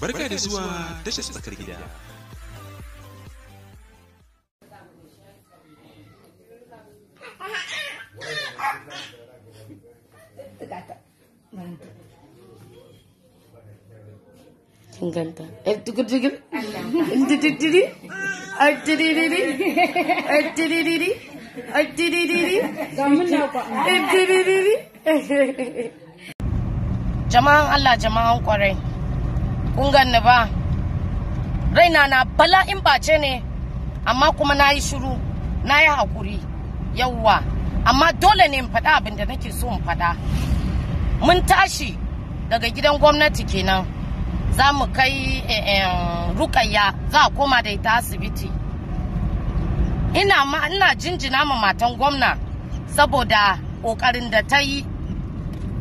Barka da zuwa tashar tsakar gida. Jama'an Allah jama'an kwarai. kun ganni ba raina na bala'in ɓace ne amma kuma na yi shiru na yi haƙuri yawwa amma dole ne in faɗa abin da nake so in faɗa mun tashi daga gidan gwamnati kenan za mu kai eh, eh, rukayya za a koma da ita asibiti ina ma ina jinjina ma matan gwamna saboda ƙoƙarin da ta yi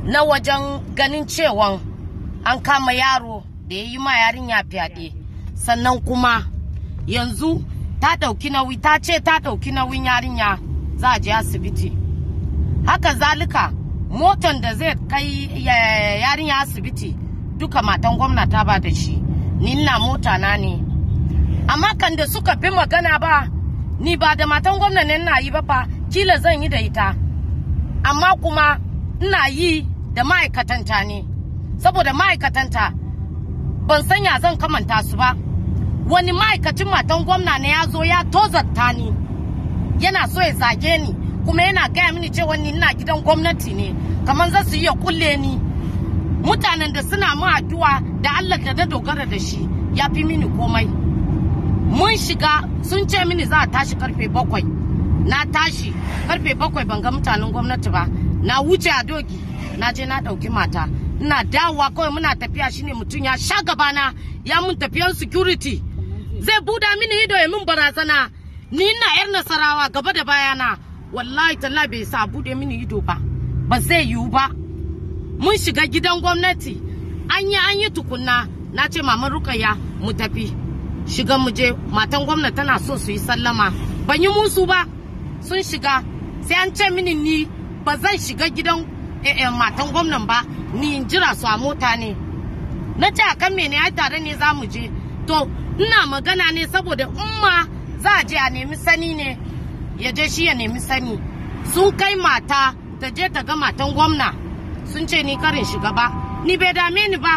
na wajen ganin cewa an kama yaro da ya yi ma yarinya fyaɗe sannan kuma yanzu ta ɗauki nauyi ta ce ta ɗauki nauyin yarinya za a je asibiti haka zalika motan da zai kai eh, yarinya asibiti duka matan gwamna ta ba da shi ni na mota na ne amma kan da suka fi magana ba ni ba da matan gwamna ne na yi ba fa kila zan yi da ita amma kuma ina yi da ma'aikatanta ne saboda ma'aikatanta ban sanya zan kamanta su ba wani ma'aikacin matan gwamna ne ya zo ya tozarta ni yana so ya zage ni kuma yana gaya mini cewa ni ina gidan gwamnati ne kamar za su iya kulle ni mutanen da suna mu addu'a da Allah da na dogara da shi ya fi mini komai mun shiga sun ce mini za a tashi karfe bakwai na tashi karfe bakwai ban ga mutanen gwamnati ba na wuce a dogi na je na ɗauki mata ina dawowa kawai muna tafiya shine mutum ya sha gabana ya mun tafiyan security zai buda mini ido ya mun barazana ni ina yar nasarawa gaba da bayana wallahi talla bai sa bude mini ido ba ba zai yiwu ba mun shiga gidan gwamnati an yi an yi tukunna na ce maman rukaya mu tafi shiga mu je matan gwamnati tana so su yi sallama ban yi musu ba sun shiga sai an ce mini ni ba zan shiga gidan matan gwamnan ba ni jira su a mota ne na ce akan mene ai tare ne za mu je to ina magana ne saboda umma za a je a nemi sani ne ya je shi ya nemi sani sun kai mata ta je ta ga matan gwamna sun ce ni karin shiga ba ni bai dame ni ba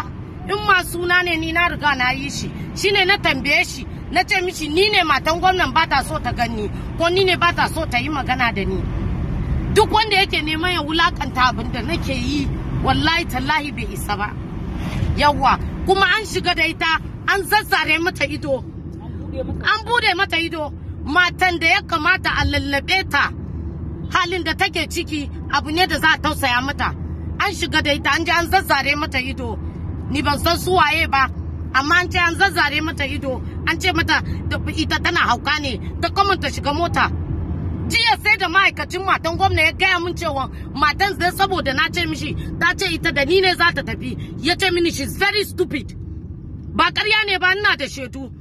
in ma suna ne ni na riga na yi shi shine na tambaye shi na ce mishi ni ne matan gwamnan ba ta so ta gani ko ni ne ba ta so ta yi magana da ni duk wanda yake neman ya wulakanta abin da nake yi wallahi tallahi bai isa ba yawa kuma an shiga da ita an zazzare mata ido an bude mata ido matan da ya kamata a lallabe ta halin da take ciki abu ne da za a tausaya mata an shiga da ita an ji an zazzare mata ido ni ban san su waye ba amma an ce an zazzare mata ido an ce mata ita tana hauka ne ta kamanta shiga mota jiya sai da ma'aikacin matan gwamna ya gaya min cewa matan zai saboda na ce mishi ta ce ita da ni ne za ta tafi ya ce mini she's very stupid ba karya ne ba ina da shaidu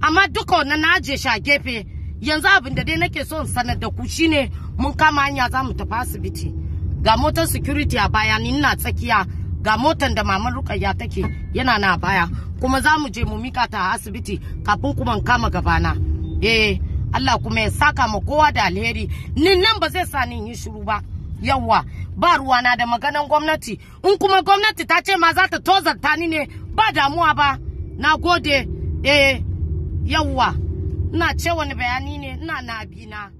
amma duka wannan na je shi a gefe yanzu abin da dai nake so in sanar da ku shine mun kama hanya za mu tafi asibiti ga motar security a baya ni ina tsakiya ga motar da maman rukayya take yana na baya kuma za mu je mu mika ta a asibiti kafin kuma kama gabana eh Allah kuma ya saka ma kowa da alheri ni nan ba zai sa ni yi shiru ba yawa ba ruwana da maganan gwamnati in kuma gwamnati ta ce ma za ta tozarta ni ne ba damuwa ba na gode eh yawa ina ce wani bayani ne ina na na.